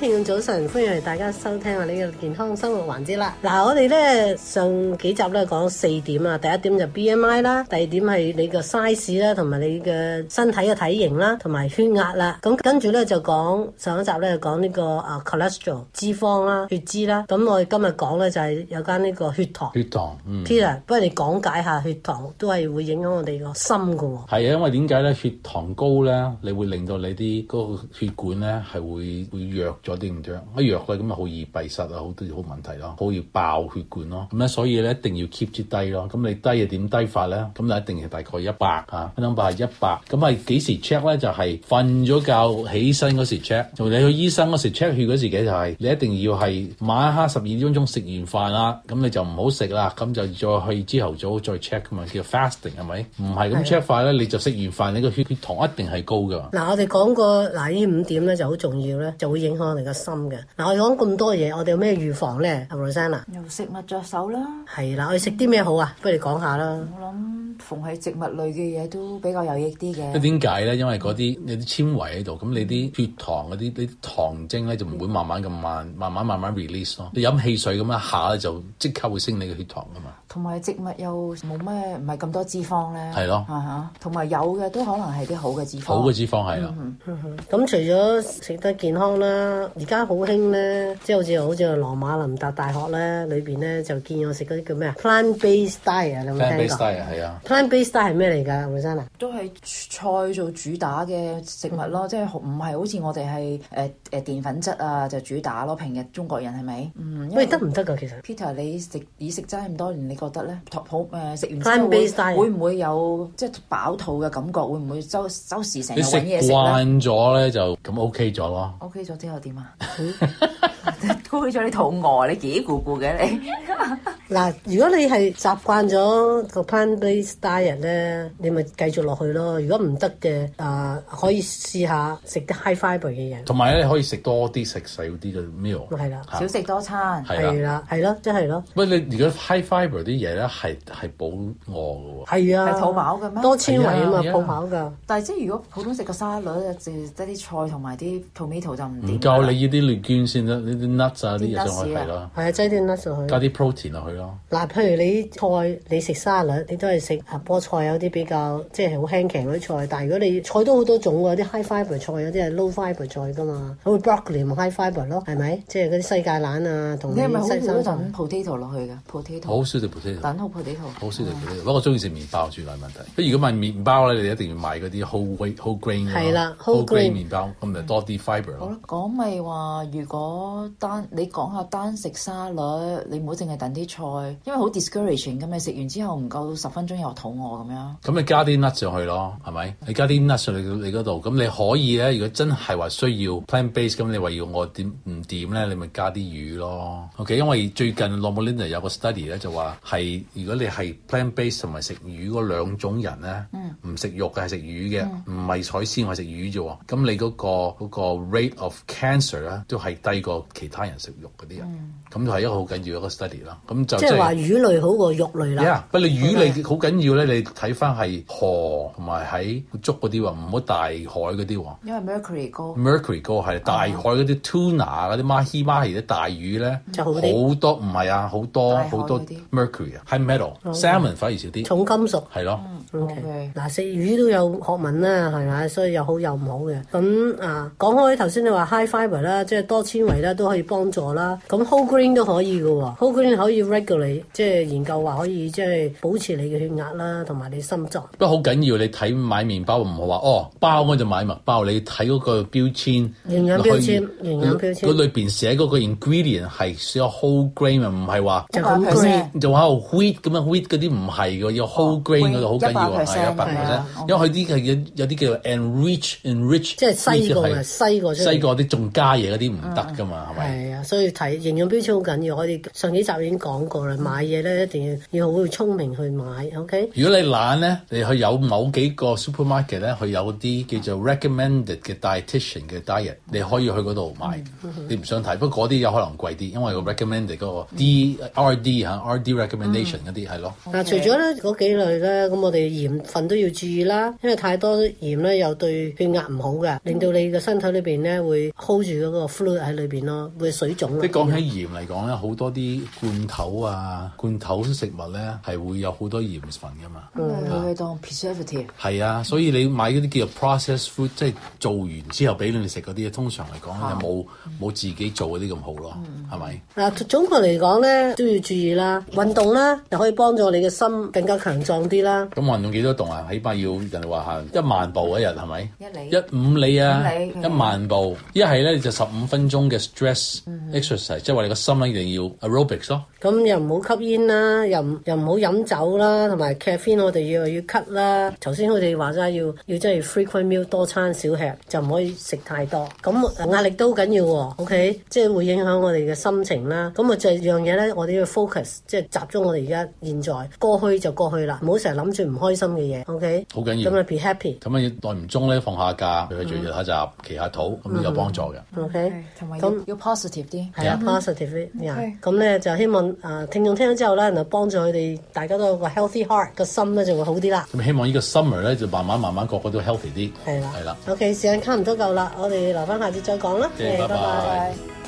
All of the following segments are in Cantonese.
聽眾早晨，歡迎嚟大家收聽我哋嘅健康生活環節啦。嗱、啊，我哋咧上幾集咧講四點啊，第一點就 B M I 啦，第二點係你個 size 啦，同埋你嘅身體嘅體型啦，同埋血壓啦。咁跟住咧就講上一集咧講呢、這個啊、uh, cholesterol 脂肪啦、血脂啦。咁我哋今日講咧就係、是、有關呢個血糖。血糖、嗯、，Peter，不如你講解下血糖都係會影響我哋個心㗎喎。係啊，因為點解咧血糖高咧，你會令到你啲個血管咧係會會弱。嗰啲唔着，一弱咧咁啊好易閉塞啊，好多好問題咯，好易爆血管咯，咁咧所以咧一定要 keep 住低咯，咁你低啊點低法咧？咁你一定係大概一百嚇 number 係一百，咁係幾時 check 咧？就係瞓咗覺起身嗰時 check，同你去醫生嗰時 check 血嗰時嘅就係、是、你一定要係晚黑十二點鐘食完飯啦，咁你就唔好食啦，咁就再去朝頭早再 check 嘛，叫 fasting 係咪？唔係咁 check 快咧，你就食完飯你個血血糖一定係高㗎。嗱我哋講過嗱呢五點咧就好重要咧，就會影響你。個心嘅，嗱，我哋講咁多嘢，我哋有咩預防咧？阿 Rosanna 啊，由食物着手啦，係啦，我哋食啲咩好啊？不如你講下啦。逢係植物類嘅嘢都比較有益啲嘅。咁點解咧？因為嗰啲有啲纖維喺度，咁你啲血糖嗰啲啲糖精咧就唔會慢慢咁慢，慢慢慢慢 release 咯。你飲汽水咁樣下咧就即刻會升你嘅血糖㗎嘛。同埋植物又冇咩，唔係咁多脂肪咧。係咯，同埋有嘅都可能係啲好嘅脂肪。好嘅脂肪係啊。咁、嗯嗯嗯嗯嗯、除咗食得健康啦，而家、就係、好興咧，即係好似好似羅馬林達大學咧，裏邊咧就見我食嗰啲叫咩 Plant Based Diet 啊，啊。Plant-based 係咩嚟噶，本身啊，都係菜做主打嘅食物咯，即係唔係好似我哋係誒誒澱粉質啊就主打咯。平日中國人係咪？嗯，因為，得唔得噶？其實 Peter，你食以食齋咁多年，你覺得咧？托普誒食完之後會唔會有即係飽肚嘅感覺？會唔會周周時成日搵嘢食咧？你食慣咗咧就咁 OK 咗咯。OK 咗之後點啊？攰咗你肚餓，你嘰咕咕嘅你。嗱，如果你係習慣咗個 plant-based 大日咧，你咪繼續落去咯。如果唔得嘅，啊、呃、可以試下食啲 high fiber 嘅嘢。同埋咧，你可以食多啲食少啲嘅 meal。係啦，少食的多餐。係啦的，係咯，即係咯。喂，你如果 high fiber 啲嘢咧，係係補餓嘅喎。係啊，係肚飽嘅咩？多纖維啊嘛，肚飽㗎。但係即係如果普通食個沙律，即得啲菜同埋啲 tomato 就唔夠。夠你呢啲嚟劵先得。呢啲 nuts 啊啲嘢就可以係啦，係即擠啲 nuts 落去，去加啲 protein 落去咯。嗱，譬如你菜，你食沙律，你都係食。菠菜有啲比較即係好輕騎嗰啲菜，但係如果你菜都好多種喎，啲 high f i b e r 菜有啲係 low f i b e r 菜㗎嘛，好似 broccoli 咪 high fibre e 咯，係咪？即係嗰啲西界蘭啊，同你咪西生 potato 落去㗎，potato。好少食 potato。等 potato。Potato. 好少食 potato，不過我中意食麵包住嚟問題。如果買麵包咧，你一定要買嗰啲好 h grain 㗎啦 w e grain, grain, grain 麵包咁咪多啲 f i b e r 啦，講咪話如果單你講下單食沙律，你唔好淨係等啲菜，因為好 discouraging 㗎，你食完之後唔夠十分鐘又。肚餓咁樣，咁你加啲 nuts 上去咯，係咪？你加啲 nuts 上去你你嗰度，咁你可以咧。如果真係話需要 plant based，咁你話要我點唔掂咧？你咪加啲魚咯。O、okay? K，因為最近 Loma Linda 有個 study 咧，就話係如果你係 plant based 同埋食魚嗰兩種人咧，唔食、嗯、肉嘅係食魚嘅，唔係海鮮，我係食魚啫喎。咁你嗰、嗰個嗰個 rate of cancer 咧，都係低過其他人食肉嗰啲人。咁、嗯、就係一個好緊要一個 study 啦。咁就即係話魚類好過肉類啦。呀，不你魚類好緊要。Okay. 咧，你睇翻係河同埋喺竹嗰啲喎，唔好大海嗰啲喎。因為的 mercury 高、那個。mercury 高係大海嗰啲 tuna 嗰啲，mahi mahi 係啲大魚咧，就好啲，好多唔係啊，好多大海 好多 mercury 啊，係 metal。salmon 反而少啲。重金屬係咯。的 O K. 嗱食魚都有學問啦、啊，係咪？所以又好又唔好嘅。咁啊講開頭先，你話 high fiber 啦，即係多纖維啦，都可以幫助啦。咁 whole grain 都可以㗎喎、mm hmm.，whole grain 可以 regulate 即係研究話可以即係保持你嘅血壓啦，同埋你心臟。不過好緊要，你睇買麵包唔好話哦，包我就買麥包。你睇嗰個標籤，嗯、營養標籤，營養標籤。佢裏邊寫嗰個 ingredient 係寫 whole grain，唔係話即係好似就話 whole、啊、wheat 咁樣，wheat 啲唔係嘅，mm hmm. 有 who 哦、要 whole grain 嗰好緊。係啊，一百個啫，因為佢啲係有有啲叫 enrich enrich，即係西個西個西過啲仲加嘢嗰啲唔得㗎嘛，係咪？係啊，所以睇營養標籤好緊要。我哋上幾集已經講過啦，買嘢咧一定要要好聰明去買。O K。如果你懶咧，你去有某幾個 supermarket 咧，佢有啲叫做 recommended 嘅 dietitian 嘅 diet，你可以去嗰度買。你唔想睇，不過嗰啲有可能貴啲，因為個 recommended 嗰個 D R D 吓 R D recommendation 嗰啲係咯。嗱，除咗咧嗰幾類咧，咁我哋。鹽分都要注意啦，因為太多鹽咧，又對血壓唔好嘅，令到你嘅身體裏邊咧會 hold 住嗰個 fluid 喺裏邊咯，會水腫。即係講起鹽嚟講咧，好、嗯、多啲罐頭啊、罐頭食物咧係會有好多鹽分噶嘛，係、嗯啊、當 preservative。係啊，所以你買嗰啲叫做 processed food，即係做完之後俾你哋食嗰啲，通常嚟講又冇冇自己做嗰啲咁好咯，係咪、嗯？嗱吧，總括嚟講咧都要注意啦，運動啦，又可以幫助你嘅心更加強壯啲啦。咁用幾多動啊？起碼要人哋話嚇一萬步一日係咪？是一里一五里啊！里一萬步，一係咧就十五分鐘嘅 stress exercise，嗯、哼即係話你個心一定要 aerobics 咯。咁、嗯、又唔好吸煙啦，又唔又唔好飲酒啦，同埋 caffeine 我哋要要 cut 啦。頭先佢哋話齋要要即係 frequent meal 多餐少吃，就唔可以食太多。咁壓力都緊要喎、哦、OK？即係會影響我哋嘅心情啦。咁啊，就樣嘢咧，我哋要 focus，即係集中我哋而家現在，現在過去就過去啦，唔好成日諗住唔開。開心嘅嘢，OK，好緊要，咁啊，be happy，咁啊，耐唔中咧放下假，去去聚聚下集，騎下肚，咁有幫助嘅，OK，咁要 positive 啲，係啊，positive，啲。咁咧就希望啊聽眾聽咗之後咧，就幫助佢哋，大家都有個 healthy heart 個心咧就會好啲啦。咁希望呢個 summer 咧就慢慢慢慢個個都 healthy 啲，係啦，係啦。OK，時間差唔多夠啦，我哋留翻下次再講啦，拜拜。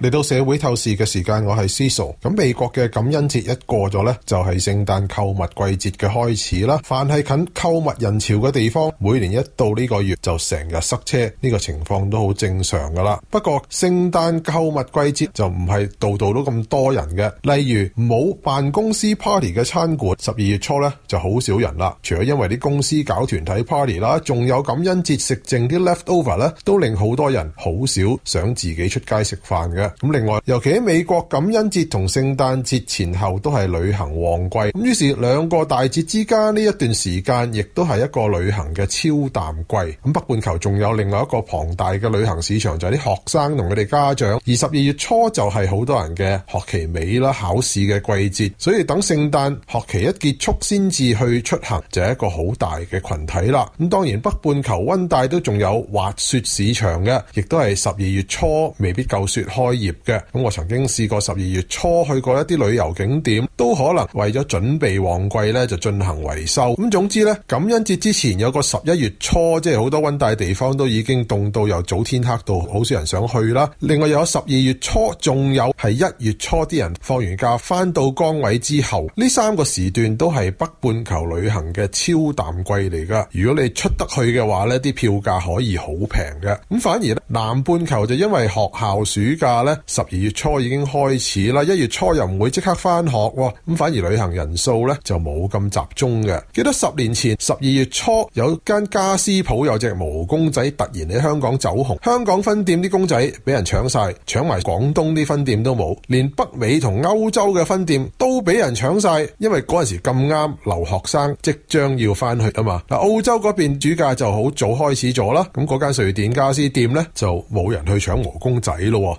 嚟到社會透視嘅時間，我係思瑤。咁美國嘅感恩節一過咗呢就係聖誕購物季節嘅開始啦。凡係近購物人潮嘅地方，每年一到呢個月就成日塞車，呢個情況都好正常噶啦。不過聖誕購物季節就唔係度度都咁多人嘅。例如冇辦公司 party 嘅餐館，十二月初呢就好少人啦。除咗因為啲公司搞團體 party 啦，仲有感恩節食剩啲 leftover 呢，都令好多人好少想自己出街食飯嘅。咁另外，尤其喺美國感恩節同聖誕節前後都係旅行旺季，咁於是兩個大節之間呢一段時間亦都係一個旅行嘅超淡季。咁北半球仲有另外一個龐大嘅旅行市場就係啲學生同佢哋家長，而十二月初就係好多人嘅學期尾啦，考試嘅季節，所以等聖誕學期一結束先至去出行，就係一個好大嘅群體啦。咁當然北半球溫帶都仲有滑雪市場嘅，亦都係十二月初未必夠雪開業嘅，咁，我曾經試過十二月初去過一啲旅遊景點，都可能為咗準備旺季咧就進行維修。咁總之呢，感恩節之前有個十一月初，即係好多溫帶地方都已經凍到由早天黑到好少人想去啦。另外有十二月初，仲有係一月初啲人放完假翻到崗位之後，呢三個時段都係北半球旅行嘅超淡季嚟噶。如果你出得去嘅話，呢啲票價可以好平嘅。咁反而呢，南半球就因為學校暑假。十二月初已經開始啦，一月初又唔會即刻返學喎，咁反而旅行人數咧就冇咁集中嘅。記得十年前十二月初有間家私鋪有隻毛公仔突然喺香港走紅，香港分店啲公仔俾人搶晒，搶埋廣東啲分店都冇，連北美同歐洲嘅分店都俾人搶晒。因為嗰陣時咁啱留學生即將要返去啊嘛。嗱，澳洲嗰邊暑假就好早開始咗啦，咁嗰間瑞典家私店咧就冇人去搶毛公仔咯。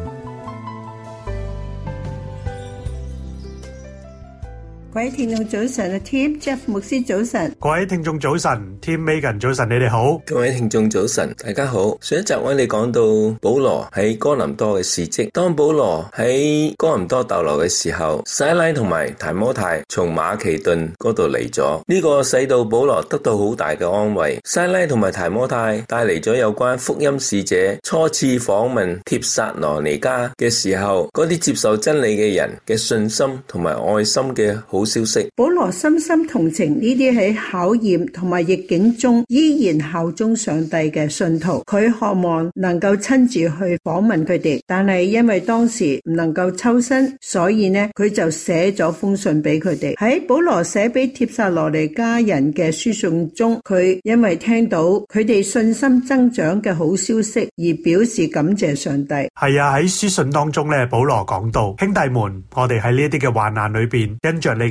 各位聽眾早晨啊，Tim Jeff 牧師早晨，各位聽眾早晨，Tim Megan 早晨，你哋好，各位聽眾早晨，大家好。上一集我哋講到保羅喺哥林多嘅事蹟，當保羅喺哥林多逗留嘅時候，西拉同埋提摩太從馬其頓嗰度嚟咗，呢個使到保羅得到好大嘅安慰。西拉同埋提摩太帶嚟咗有關福音使者初次訪問帖撒羅尼迦嘅時候，嗰啲接受真理嘅人嘅信心同埋愛心嘅好。好消息！保羅深深同情呢啲喺考驗同埋逆境中依然效忠上帝嘅信徒，佢渴望能夠親自去訪問佢哋，但係因為當時唔能夠抽身，所以呢佢就寫咗封信俾佢哋。喺保羅寫俾帖撒羅尼迦人嘅書信中，佢因為聽到佢哋信心增長嘅好消息而表示感謝上帝。係啊，喺書信當中呢，保羅講到：兄弟們，我哋喺呢啲嘅患難裏邊，因着你，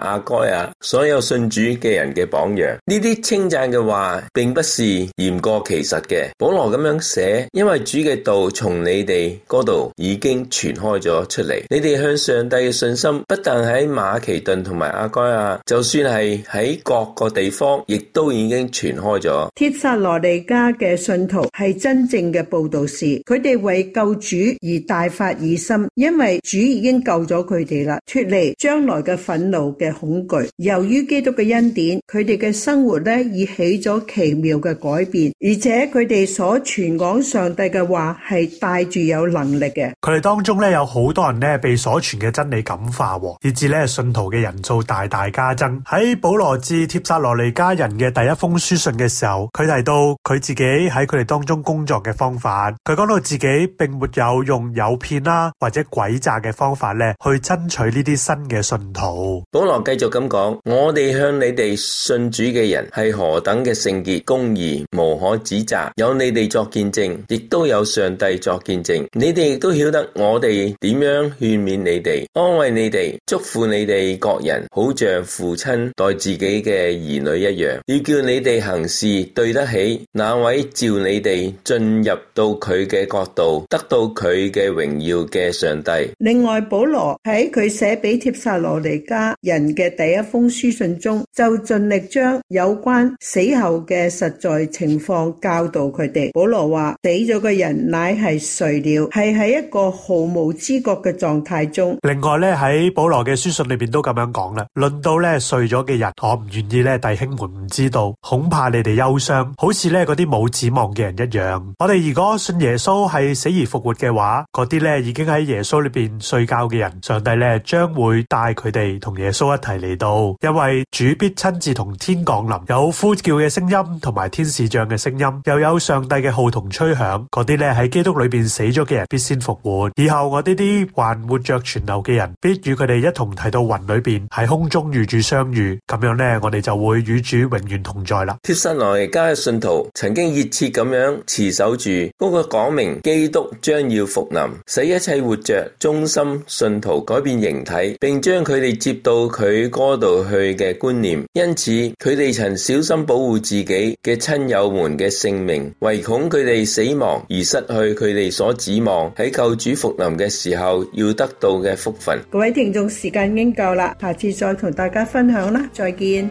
亞該亞，所有信主嘅人嘅榜樣，呢啲稱讚嘅話，並不是言過其實嘅。保羅咁樣寫，因為主嘅道從你哋嗰度已經傳開咗出嚟。你哋向上帝嘅信心不但喺馬其頓同埋亞該亞，就算係喺各個地方，亦都已經傳開咗。帖撒羅尼迦嘅信徒係真正嘅報道士，佢哋為救主而大發熱心，因為主已經救咗佢哋啦，脫離將來嘅憤怒嘅。恐懼。由於基督嘅恩典，佢哋嘅生活咧已起咗奇妙嘅改變，而且佢哋所傳講上帝嘅話係帶住有能力嘅。佢哋當中咧有好多人咧被所傳嘅真理感化，以致咧信徒嘅人數大大加增。喺保羅致帖撒羅尼迦人嘅第一封書信嘅時候，佢提到佢自己喺佢哋當中工作嘅方法。佢講到自己並沒有用誘騙啦或者詭詐嘅方法咧去爭取呢啲新嘅信徒。保羅。繼續咁講，我哋向你哋信主嘅人係何等嘅聖潔、公義，無可指責。有你哋作見證，亦都有上帝作見證。你哋亦都曉得我哋點樣勸勉你哋、安慰你哋、祝福你哋各人，好像父親待自己嘅兒女一樣。要叫你哋行事對得起那位召你哋進入到佢嘅國度、得到佢嘅榮耀嘅上帝。另外，保羅喺佢寫俾帖撒羅尼迦人。嘅第一封書信中就盡力將有關死後嘅實在情況教導佢哋。保羅話：死咗嘅人乃係睡了，係喺一個毫無知覺嘅狀態中。另外咧喺保羅嘅書信裏邊都咁樣講啦。論到咧睡咗嘅人，我唔願意咧弟兄們唔知道，恐怕你哋憂傷，好似咧嗰啲冇指望嘅人一樣。我哋如果信耶穌係死而復活嘅話，嗰啲咧已經喺耶穌裏邊睡覺嘅人，上帝咧將會帶佢哋同耶穌一提嚟到，因為主必親自同天降臨，有呼叫嘅聲音，同埋天使長嘅聲音，又有上帝嘅號同吹響。嗰啲咧喺基督裏邊死咗嘅人必先復活。以後我呢啲還活着存留嘅人，必與佢哋一同提到雲裏邊，喺空中與主相遇。咁樣咧，我哋就會與主永遠同在啦。帖撒羅尼迦嘅信徒曾經熱切咁樣持守住嗰個講明，基督將要復臨，使一切活着忠心信徒改變形體，並將佢哋接到佢。佢嗰度去嘅觀念，因此佢哋曾小心保護自己嘅親友們嘅性命，唯恐佢哋死亡而失去佢哋所指望喺救主復臨嘅時候要得到嘅福分。各位聽眾，時間已經夠啦，下次再同大家分享啦，再見。